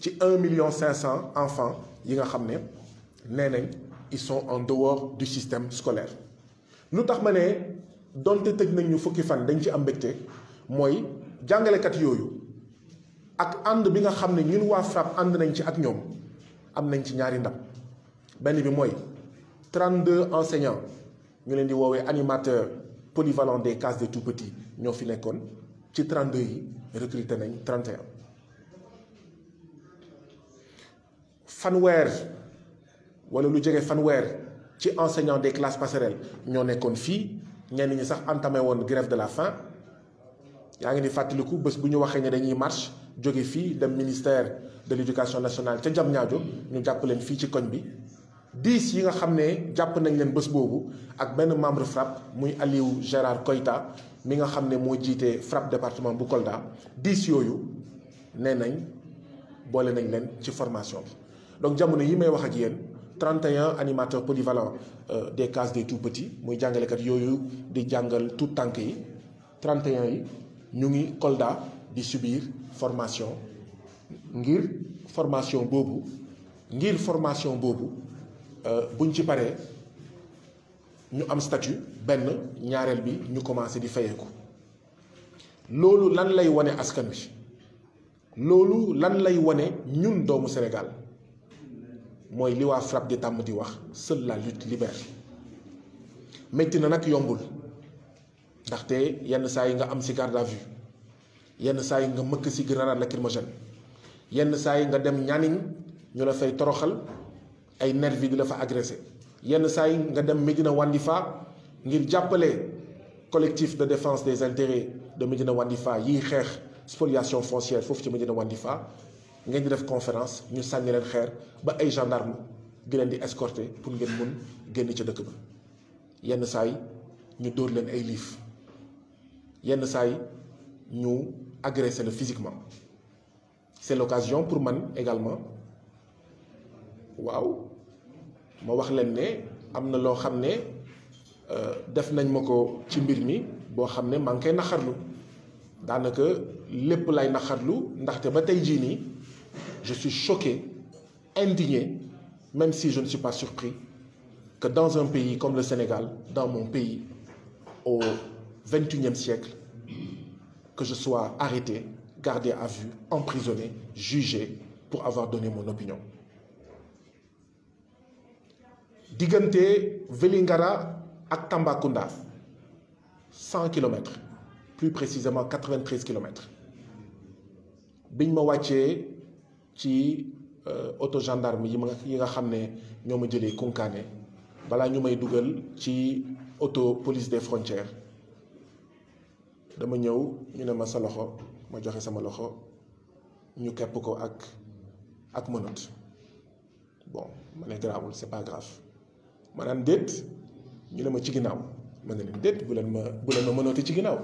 ci un million cinq cent enfants yi nga xam ne nee nañ ils sont en dehors du système scolaire lu tax ma ne donte tëj nañ ñu fukki fan dañ ci am mbégte mooy jàngalekat yooyu ak ànd bi nga xam ne ñun waa FRAPP ànd nañ ci ak ñoom am nañ ci ñaari ndam benn bi mooy 32 enseignants ñu leen di woowee animateur polyvalent des cases des tout-petits ñoo fi nekkoon ci 32 yi recruté nañ am fanweer wala lu jege fanweer ci enseignants des classes passerelles ñoo nekkoon fii ñenn ñi sax entamé woon grève de la faim yaa ngi ni fàttaliku bés bu ñu waxee ne dañuy marche jóge fii dem ministère de l'éducation nationale ca ñaajo ñu jàpp leen fii ci koñ bi dix yi nga xam ne jàpp nañ leen bés boobu ak benn membre FRAPP muy Aliou Gérard Koïta mi nga xam ne moo jiite FRAPP département bu Kolda dix yooyu nee nañ boole nañ leen ci formation bi. donc jamono yi may wax ak yéen 31 animateurs polyvalents euh, des cases des tout petits muy jàngalekat yooyu di jàngal tout tànk yi 31 yi ñu ngi Kolda di subir formation ngir formation boobu ngir formation boobu euh, buñ ci paree ñu am statut benn ñaareel bi ñu commencé di fayeeku loolu lan lay wane askan wi loolu lan lay wane ñun doomu Sénégal mooy li waa FRAPP di tàmm di wax seule la lutte libère métti na nag yombul ndaxte yenn saa yi nga am si garde à vue yenn saa yi nga mëkk si grenade lacrymogène yenn saa yi nga dem ñaaniñ ñu la fay toroxal ay nervi di la fa agressé yenn saa yi nga dem Médina Wandifa ngir jàppale collectif de défense des intérêts de Médina Wandifa yiy xeex spoliation foncière foofu ci Médina Wandifa ngeen di def conférence ñu sànni leen xeer ba ay gendarme di di escorter pour ngeen mun génn ca dëkk ba yenn saa yi ñu dóor leen ay liif yenn saay ñu agressé la physiquement c'est l'occasion pour man également waaw ma wax leen ne am na loo xam ne euh, def nañ ma ko ci mbir mi boo xam ne maa ngi koy naxarlu daanaka lépp lay naxarlu ndaxte ba tey jii nii je suis choqué, indigné, même si je ne suis pas surpris, que dans un pays comme le Sénégal, dans mon pays, au XXIe siècle, que je sois arrêté, gardé à vue, emprisonné, jugé pour avoir donné mon opinion. diggante Vélingara ak Tambacounda cent kilomètres plus précisément quatre vingt kilomètres biñ ci euh, auto gendarme yi ma yi nga xam ne ñoo ma jëlee Koungkané balaa ñu may dugal ci auto police des frontières dama ñëw ñu ne ma sa loxo ma joxe sama loxo ñu kepp ko ak ak menotte bon ma ne garaawul c'est pas grave ma naan déet ñu ne ma ci ginnaaw ma ne leen déet bu leen ma bu leen ma mënooti ci ginnaaw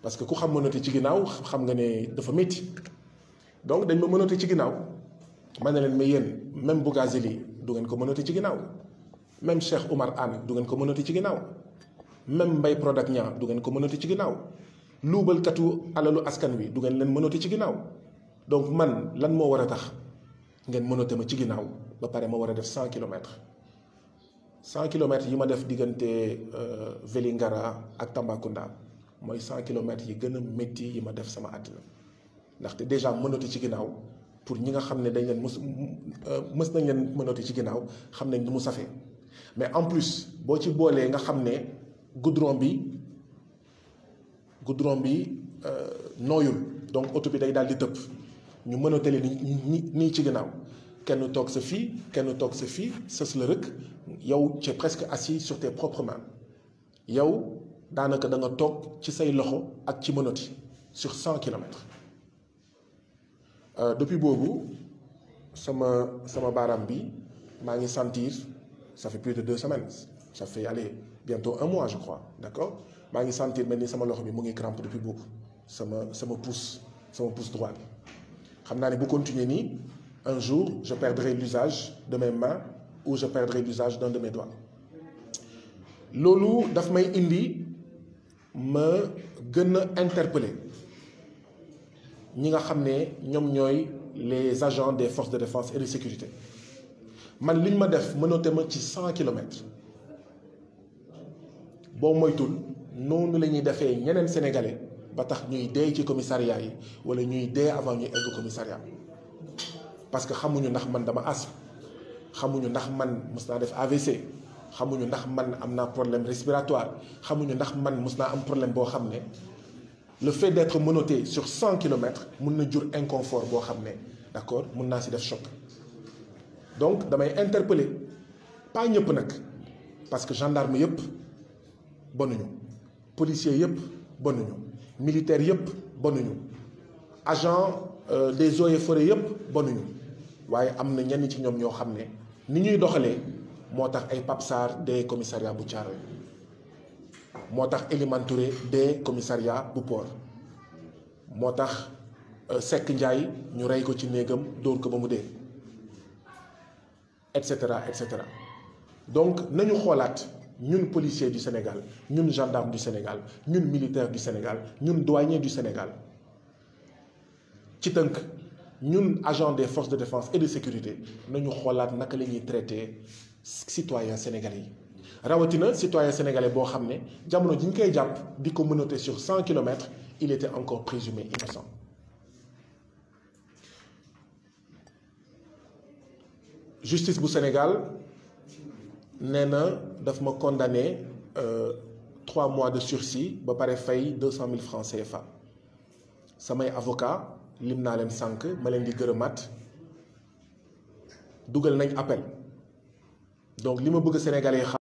parce que ku xam mënooti ci ginnaaw xam nga ne dafa metti donc dañ ma mënatu ci ginnaaw ma ne leen mais yéen même Bougazeli du ngeen ko mënatu ci ginnaaw même Cheikh Oumar Anne du ngeen ko mënatu ci ginnaaw même Mbaye Prodac Niang du ko mënatu ci ginnaaw luubalkatu alalu askan wi du ngeen leen mënatu ci ginnaaw donc man lan moo war a tax ngeen mënatu ma ci ginnaaw ba pare ma war a def cent kilomètres cent kilomètres yi ma def diggante euh, Vélingara ak Tambacounda mooy cent kilomètres yi gën a métti yi ma def sama àddina ndaxte déjà mënatu ci ginnaaw pour ñi nga xam ne dañ leen mës euh, mës nañ leen mënatu ci ginnaaw xam nañ ni mu safee mais en plus boo ci boolee nga xam ne goudron bi goudron bi euh, nooyul donc oto bi day daal di tëpp ñu mënatale ni nii ci ginnaaw kenn toog sa fii kenn toog sa fii sës la rëkk yow tu presque assis sur tes propres yow daanaka da nga toog ci say loxo ak ci mënati sur cent kilomètres Euh, depuis boobu sama sama baaraam bi maa ngi sentir ça fait plus de deux semaines ça fait allez bientôt un mois je crois d'accord maa ngi sentir mel ni sama loxo bi mu ngi crampe depuis boobu sama sama pouce sama pouce droit xam naa ne bu continuer nii un jour je perdrai l'usage de mai mains ou je perdrai l'usage d'un de mes loolu daf may indi ma gën a interpeller ñi nga xam ne ñoom ñooy les agents des forces de défense et de sécurité man li ñu ma def mënoote ma ci cent kilomètres boo moytul noonu la ñuy defee ñeneen sénégalais ba tax ñuy dee ci commissariat yi wala ñuy dee avant ñuy egg commissariat parce que xamuñu ndax man dama as xamuñu ndax man mus naa def AVC xamuñu ndax man am naa problème respiratoire xamuñu ndax man mus naa am problème boo xam ne. le fait d'être menotté sur cent kilomètres mun na jur inconfort boo xam ne d'accord mun naa si def choc donc damay interpeller pas ñëpp nag parce que gendarme yëpp bonuñu policier yëpp bonuñu militaire yëpp bonuñu agent euh, des eaux et forêts yëpp bonuñu waaye am na ñenn ci ñoom ñoo xam ne ni ñuy doxalee moo tax ay Pape Sarr des commissariat bu Thiaroye moo tax Elimane Touré dee commissariat bu port moo tax euh, Seck Ndiaye ñu rey ko ci néegam dóor ko ba mu dee et cetera et cetera donc nañu xoolaat ñun policier du Sénégal ñun gendarme du Sénégal ñun militaire du Sénégal ñun douanier du Sénégal ci tënk ñun agent de forces de défense et de sécurité nañu xoolaat naka la traité citoyen sénégal yi rawatina citoyen sénégalais boo xam ne jamono ji ñu koy jàpp di ko menotté sur cent kilomètres il était encore présumé innocent justice bu Sénégal nee na daf ma condamné euh, trois mois de sursis ba pare fay deux cent mille francs CFA samay avocat lim naa leen sànq ma leen di gërëmaat dugal nañ appel donc li ma bëgg Sénégalais yi xam